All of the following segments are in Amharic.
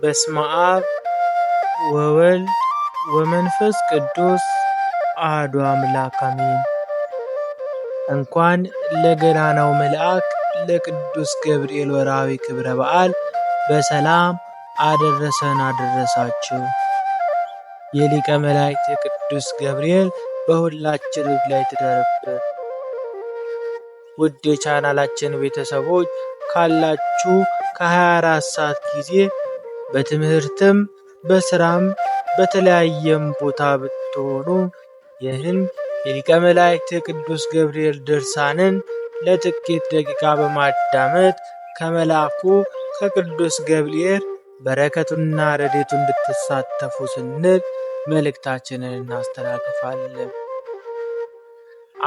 በስመ አብ ወወልድ ወመንፈስ ቅዱስ አህዱ አምላክ አሜን። እንኳን ለገናናው መልአክ ለቅዱስ ገብርኤል ወርሃዊ ክብረ በዓል በሰላም አደረሰን አደረሳችሁ። የሊቀ መላእክት ቅዱስ ገብርኤል በሁላችን ላይ ትደርብን። ውድ የቻናላችን ቤተሰቦች ካላችሁ ከ24 ሰዓት ጊዜ በትምህርትም በስራም በተለያየም ቦታ ብትሆኑ ይህን የሊቀ መላእክት ቅዱስ ገብርኤል ድርሳንን ለጥቂት ደቂቃ በማዳመጥ ከመልአኩ ከቅዱስ ገብርኤል በረከቱና ረዴቱ እንድትሳተፉ ስንል መልእክታችንን እናስተላልፋለን።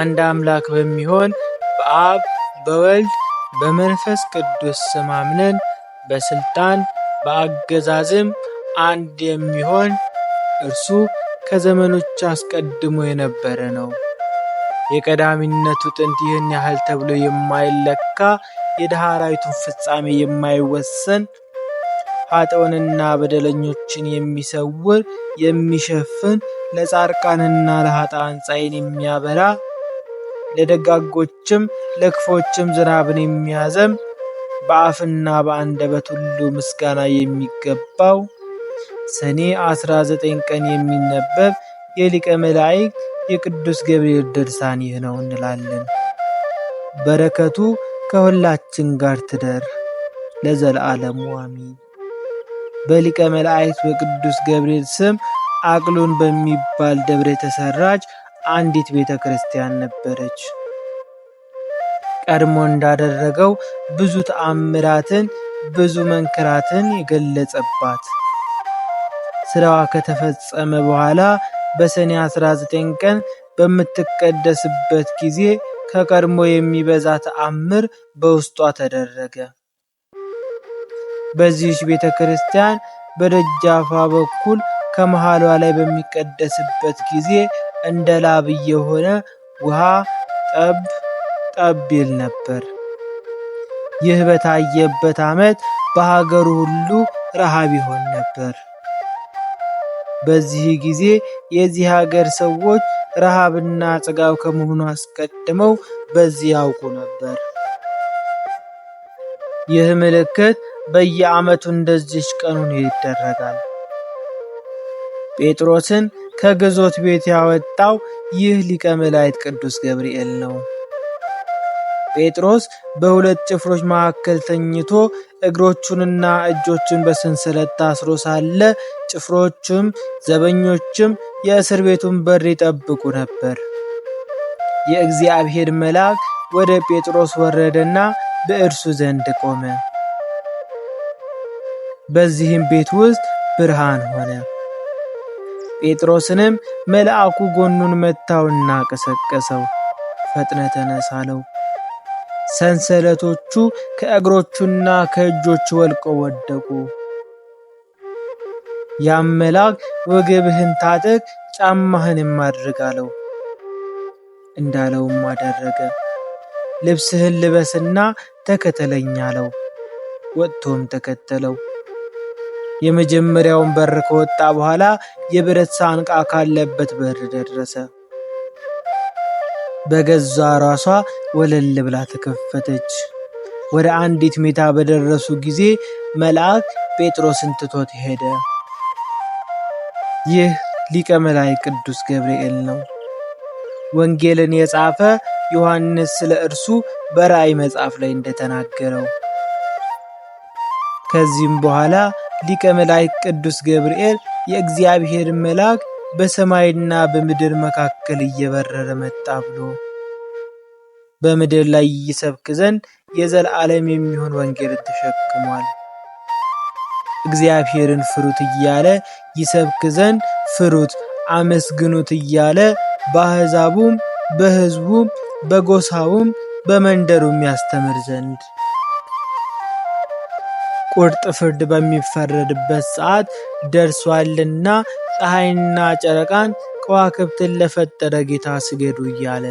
አንድ አምላክ በሚሆን በአብ በወልድ በመንፈስ ቅዱስ ስም አምነን በስልጣን በአገዛዝም አንድ የሚሆን እርሱ ከዘመኖች አስቀድሞ የነበረ ነው። የቀዳሚነቱ ጥንት ይህን ያህል ተብሎ የማይለካ የዳህራዊቱን ፍጻሜ የማይወሰን ኃጥኦንና በደለኞችን የሚሰውር የሚሸፍን ለጻርቃንና ለኃጥአን ፀሐይን የሚያበራ ለደጋጎችም ለክፎችም ዝናብን የሚያዘም በአፍና በአንደበት ሁሉ ምስጋና የሚገባው ሰኔ 19 ቀን የሚነበብ የሊቀ መላእክት የቅዱስ ገብርኤል ድርሳን ይህ ነው እንላለን። በረከቱ ከሁላችን ጋር ትደር ለዘለዓለሙ አሚን። በሊቀ መላእክት በቅዱስ ገብርኤል ስም አቅሎን በሚባል ደብር የተሰራች አንዲት ቤተ ክርስቲያን ነበረች። ቀድሞ እንዳደረገው ብዙ ተአምራትን ብዙ መንክራትን የገለጸባት ስራዋ ከተፈጸመ በኋላ በሰኔ 19 ቀን በምትቀደስበት ጊዜ ከቀድሞ የሚበዛ ተአምር በውስጧ ተደረገ። በዚህች ቤተ ክርስቲያን በኩል ከመሃሏ ላይ በሚቀደስበት ጊዜ እንደ ላብ የሆነ ውሃ ጠብ ጠብ ነበር። ይህ በታየበት ዓመት በሀገሩ ሁሉ ረሃብ ይሆን ነበር። በዚህ ጊዜ የዚህ ሀገር ሰዎች ረሃብና ጽጋብ ከመሆኑ አስቀድመው በዚህ ያውቁ ነበር። ይህ ምልክት በየዓመቱ እንደዚች ቀኑን ይደረጋል። ጴጥሮስን ከግዞት ቤት ያወጣው ይህ ሊቀ መላእክት ቅዱስ ገብርኤል ነው። ጴጥሮስ በሁለት ጭፍሮች መካከል ተኝቶ እግሮቹንና እጆቹን በሰንሰለት ታስሮ ሳለ ጭፍሮቹም ዘበኞችም የእስር ቤቱን በር ይጠብቁ ነበር። የእግዚአብሔር መልአክ ወደ ጴጥሮስ ወረደና በእርሱ ዘንድ ቆመ። በዚህም ቤት ውስጥ ብርሃን ሆነ። ጴጥሮስንም መልአኩ ጎኑን መታውና ቀሰቀሰው። ፈጥነ ተነሳለው። ሰንሰለቶቹ ከእግሮቹና ከእጆቹ ወልቀው ወደቁ። ያም መልአክ ወገብህን ታጠቅ፣ ጫማህንም አድርግ አለው። እንዳለውም አደረገ። ልብስህን ልበስና ተከተለኝ አለው። ወጥቶም ተከተለው። የመጀመሪያውን በር ከወጣ በኋላ የብረት ሳንቃ ካለበት በር ደረሰ። በገዛ ራሷ ወለል ብላ ተከፈተች። ወደ አንዲት ሜታ በደረሱ ጊዜ መልአክ ጴጥሮስን ትቶት ሄደ። ይህ ሊቀ መላእክት ቅዱስ ገብርኤል ነው። ወንጌልን የጻፈ ዮሐንስ ስለ እርሱ በራእይ መጽሐፍ ላይ እንደተናገረው ከዚህም በኋላ ሊቀ መላእክት ቅዱስ ገብርኤል የእግዚአብሔር መልአክ በሰማይና በምድር መካከል እየበረረ መጣ ብሎ በምድር ላይ ይሰብክ ዘንድ የዘላለም የሚሆን ወንጌል ተሸክሟል። እግዚአብሔርን ፍሩት እያለ ይሰብክ ዘንድ ፍሩት፣ አመስግኑት እያለ በአሕዛቡም በሕዝቡም በጎሳውም በመንደሩም ያስተምር ዘንድ ቁርጥ ፍርድ በሚፈረድበት ሰዓት ደርሷልና ፀሐይና ጨረቃን ከዋክብትን ለፈጠረ ጌታ ስገዱ እያለ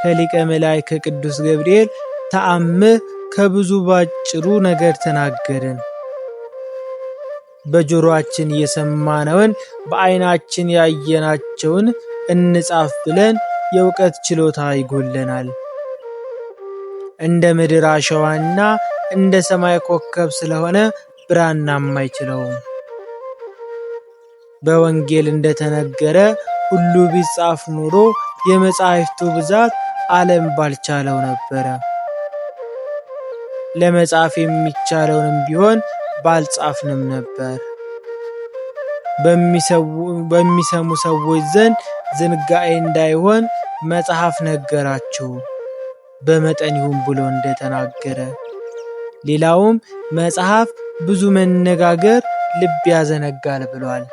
ከሊቀ መላእክት ከቅዱስ ገብርኤል ተአምር ከብዙ ባጭሩ ነገር ተናገርን። በጆሮአችን የሰማነውን በዓይናችን ያየናቸውን እንጻፍ ብለን የእውቀት ችሎታ ይጎለናል። እንደ ምድር አሸዋና እንደ ሰማይ ኮከብ ስለሆነ ብራናም አይችለውም። በወንጌል እንደተነገረ ሁሉ ቢጻፍ ኑሮ የመጻሕፍቱ ብዛት ዓለም ባልቻለው ነበረ። ለመጻፍ የሚቻለውንም ቢሆን ባልጻፍንም ነበር። በሚሰሙ ሰዎች ዘንድ ዝንጋኤ እንዳይሆን መጽሐፍ ነገራችሁ በመጠን ይሁን ብሎ እንደተናገረ፣ ሌላውም መጽሐፍ ብዙ መነጋገር ልብ ያዘነጋል ብሏል።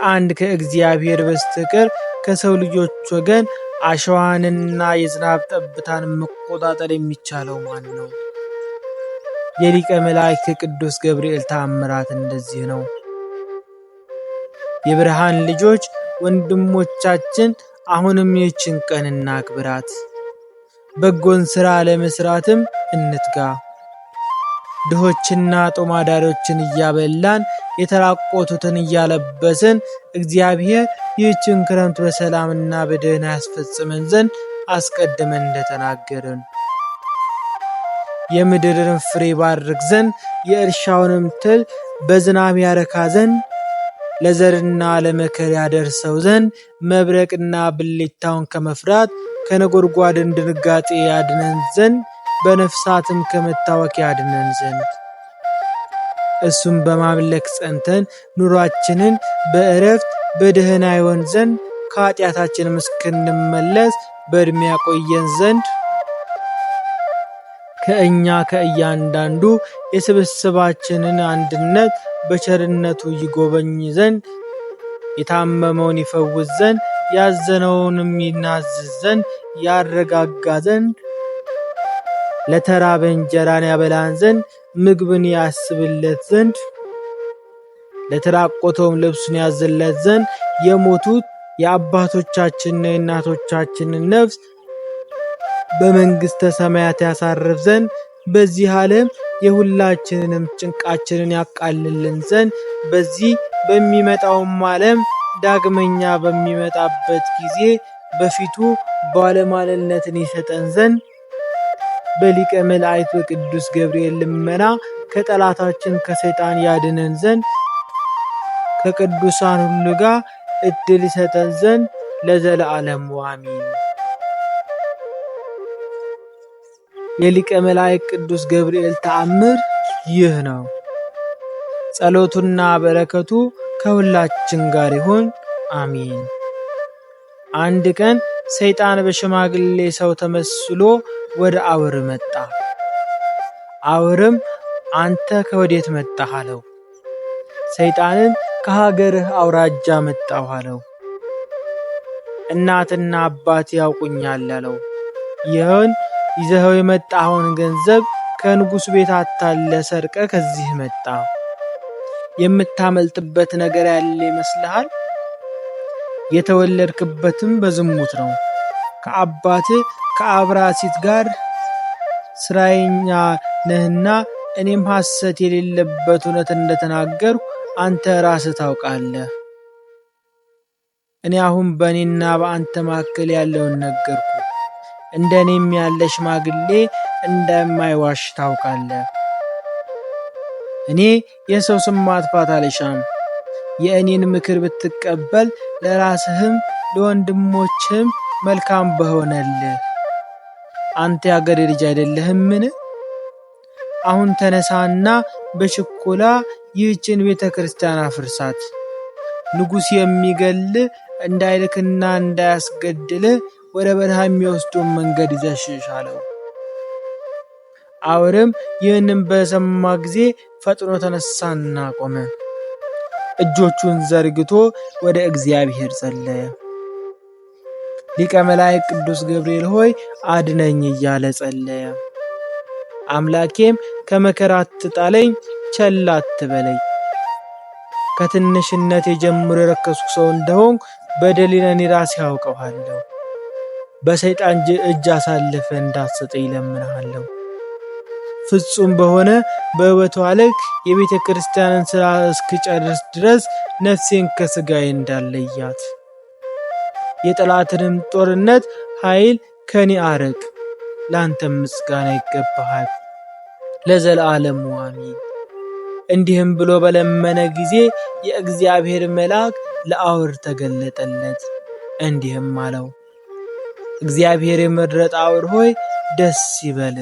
ከአንድ ከእግዚአብሔር በስተቀር ከሰው ልጆች ወገን አሸዋንና የዝናብ ጠብታን መቆጣጠር የሚቻለው ማን ነው? የሊቀ መላእክት ቅዱስ ገብርኤል ታምራት እንደዚህ ነው። የብርሃን ልጆች ወንድሞቻችን አሁንም ይህችን ቀን እናክብራት፣ በጎን ሥራ ለመስራትም እንትጋ። ድሆችና ጦማዳሪዎችን እያበላን የተራቆቱትን እያለበስን እግዚአብሔር ይህችን ክረምት በሰላምና በደህና ያስፈጽመን ዘንድ አስቀድመን እንደተናገርን የምድርን ፍሬ ባርክ ዘንድ የእርሻውንም ትል በዝናብ ያረካ ዘንድ ለዘርና ለመከር ያደርሰው ዘንድ መብረቅና ብሌታውን ከመፍራት ከነጎድጓድን ድንጋጤ ያድነን ዘንድ በነፍሳትም ከመታወክ ያድነን ዘንድ እሱም በማምለክ ጸንተን ኑሯችንን በእረፍት በደህና ይሆን ዘንድ ከኃጢአታችን እስክንመለስ በእድሜ ያቆየን ዘንድ ከእኛ ከእያንዳንዱ የስብስባችንን አንድነት በቸርነቱ ይጎበኝ ዘንድ የታመመውን ይፈውስ ዘንድ ያዘነውንም ይናዝዝ ዘንድ ያረጋጋ ዘንድ ለተራበ እንጀራን ያበላን ዘንድ ምግብን ያስብለት ዘንድ ለተራቆተውም ልብሱን ያዝለት ዘንድ የሞቱት የአባቶቻችንና የእናቶቻችንን ነፍስ በመንግሥተ ሰማያት ያሳርፍ ዘንድ በዚህ ዓለም የሁላችንንም ጭንቃችንን ያቃልልን ዘንድ በዚህ በሚመጣውም ዓለም ዳግመኛ በሚመጣበት ጊዜ በፊቱ ባለማለልነትን ይሰጠን ዘንድ በሊቀ መላእክት በቅዱስ ገብርኤል ልመና ከጠላታችን ከሰይጣን ያድነን ዘንድ ከቅዱሳን ሁሉ ጋር እድል ይሰጠን ዘንድ ለዘለዓለሙ አሚን። የሊቀ መላእክት ቅዱስ ገብርኤል ተአምር ይህ ነው። ጸሎቱና በረከቱ ከሁላችን ጋር ይሁን አሚን። አንድ ቀን ሰይጣን በሽማግሌ ሰው ተመስሎ ወደ አውር መጣ። አውርም አንተ ከወዴት መጣህ አለው። ሰይጣንም ከሀገርህ አውራጃ መጣሁ አለው። እናትና አባት ያውቁኛል አለው። ይህን ይዘኸው የመጣኸውን ገንዘብ ከንጉሥ ቤት አታለ ሰርቀ ከዚህ መጣ። የምታመልጥበት ነገር ያለ ይመስልሃል? የተወለድክበትም በዝሙት ነው። ከአባትህ ከአብራሲት ጋር ስራይኛ ነህና እኔም ሐሰት የሌለበት እውነት እንደተናገርሁ አንተ ራስህ ታውቃለህ። እኔ አሁን በእኔና በአንተ መካከል ያለውን ነገርኩ። እንደ እኔም ያለ ሽማግሌ እንደማይዋሽ ታውቃለህ። እኔ የሰው ስም ማጥፋት አልሻም። የእኔን ምክር ብትቀበል ለራስህም ለወንድሞችህም መልካም በሆነልህ። አንተ ያገሬ ልጅ አይደለህምን? አሁን ተነሳና በችኮላ ይህችን ቤተ ክርስቲያን አፍርሳት። ንጉሥ የሚገል እንዳይልክና እንዳያስገድል ወደ በረሃ የሚወስዱን መንገድ ይዘሽሽ አለው። አውርም ይህንም በሰማ ጊዜ ፈጥኖ ተነሳና ቆመ። እጆቹን ዘርግቶ ወደ እግዚአብሔር ጸለየ። ሊቀ መላእክት ቅዱስ ገብርኤል ሆይ አድነኝ እያለ ጸለየ። አምላኬም ከመከራ አትጣለኝ፣ ቸል አትበለኝ። ከትንሽነት የጀምሮ የረከሱ ሰው እንደሆን በደሌን እኔ ራሴ ያውቀዋለሁ። በሰይጣን እጅ አሳልፈ እንዳትሰጠኝ ይለምንሃለሁ። ፍጹም በሆነ በሕይወቷ ልክ የቤተ ክርስቲያንን ሥራ እስክጨርስ ድረስ ነፍሴን ከሥጋዬ እንዳለያት የጠላትንም ጦርነት ኃይል ከኔ አረቅ። ለአንተም ምስጋና ይገባሃል ለዘላለሙ አሚን። እንዲህም ብሎ በለመነ ጊዜ የእግዚአብሔር መልአክ ለአውር ተገለጠለት፣ እንዲህም አለው እግዚአብሔር የመረጠ አውር ሆይ ደስ ይበል፣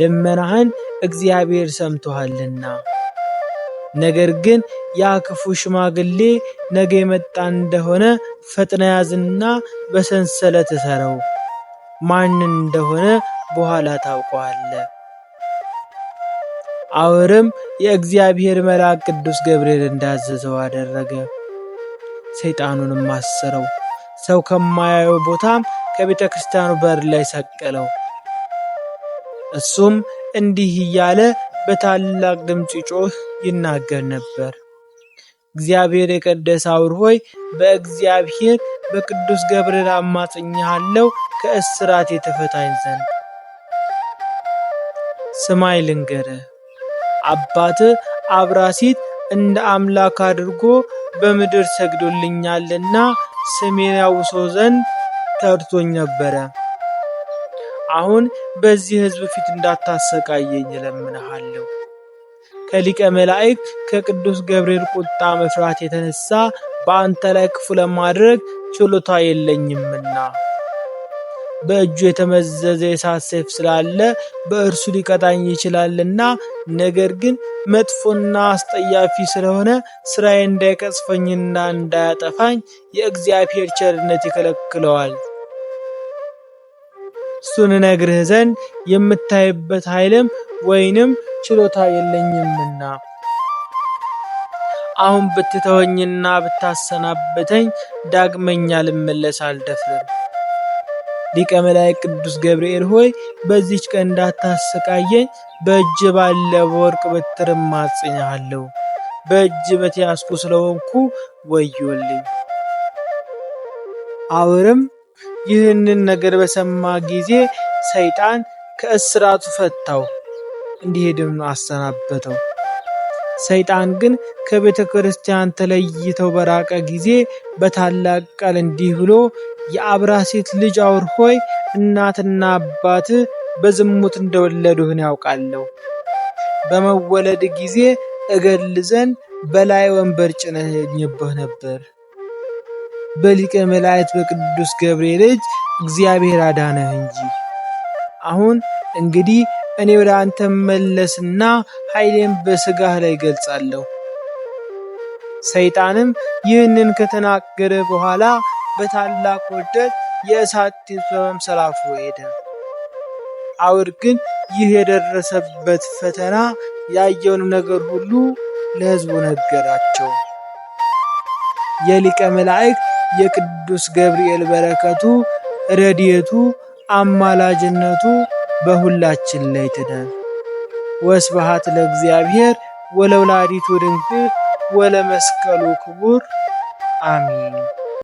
ልመናህን እግዚአብሔር ሰምቶሃልና። ነገር ግን ያ ክፉ ሽማግሌ ነገ የመጣ እንደሆነ ፈጥነ ያዝና በሰንሰለት እሰረው። ማን እንደሆነ በኋላ ታውቋለ። አውርም የእግዚአብሔር መልአክ ቅዱስ ገብርኤል እንዳዘዘው አደረገ። ሰይጣኑንም አሰረው። ሰው ከማያየው ቦታም ከቤተ ክርስቲያኑ በር ላይ ሰቀለው። እሱም እንዲህ እያለ በታላቅ ድምፅ ጮህ ይናገር ነበር። እግዚአብሔር የቀደሰ አውር ሆይ በእግዚአብሔር በቅዱስ ገብርኤል አማጽኛሃለሁ ከእስራት የተፈታኝ ዘንድ። ስማይ ልንገረ አባት አብራሲት እንደ አምላክ አድርጎ በምድር ሰግዶልኛልና ስሜን ያውሶ ዘንድ ተርቶኝ ነበረ። አሁን በዚህ ሕዝብ ፊት እንዳታሰቃየኝ እለምንሃለሁ። ከሊቀ መላእክ ከቅዱስ ገብርኤል ቁጣ መፍራት የተነሳ በአንተ ላይ ክፉ ለማድረግ ችሎታ የለኝምና በእጁ የተመዘዘ የእሳት ሰይፍ ስላለ በእርሱ ሊቀጣኝ ይችላልና፣ ነገር ግን መጥፎና አስጠያፊ ስለሆነ ስራዬ እንዳይቀጽፈኝና እንዳያጠፋኝ የእግዚአብሔር ቸርነት ይከለክለዋል። እሱን ነግርህ ዘንድ የምታይበት ኃይልም ወይንም ችሎታ የለኝምና አሁን ብትተወኝና ብታሰናበተኝ ዳግመኛ ልመለስ አልደፍርም። ሊቀ መላእክት ቅዱስ ገብርኤል ሆይ በዚች ቀን እንዳታሰቃየኝ በእጅ ባለ በወርቅ በትር ማጽኛሃለሁ። በእጅ በተያዝኩ ስለሆንኩ ወዮልኝ። አውርም ይህንን ነገር በሰማ ጊዜ ሰይጣን ከእስራቱ ፈታው። እንዲሄድም አሰናበተው። ሰይጣን ግን ከቤተ ክርስቲያን ተለይተው በራቀ ጊዜ በታላቅ ቃል እንዲህ ብሎ ሴት ልጅ አውር ሆይ እናትና አባት በዝሙት እንደወለዱህን ያውቃለሁ። በመወለድ ጊዜ እገል ዘንድ በላይ ወንበር ጭነኝብህ ነበር። በሊቀ መላእክት በቅዱስ ገብርኤል እጅ እግዚአብሔር አዳነህ እንጂ አሁን እንግዲህ እኔ ወደ አንተ መለስና ኃይሌን በሥጋህ ላይ ገልጻለሁ። ሰይጣንም ይህንን ከተናገረ በኋላ በታላቅ ወደት የእሳት ጢስ ሄደ። አውር ግን ይህ የደረሰበት ፈተና ያየውን ነገር ሁሉ ለሕዝቡ ነገራቸው። የሊቀ መላእክት የቅዱስ ገብርኤል በረከቱ፣ ረድኤቱ፣ አማላጅነቱ በሁላችን ላይ ትደር። ወስብሐት ለእግዚአብሔር ወለወላዲቱ ድንግል ወለመስቀሉ ክቡር አሚን።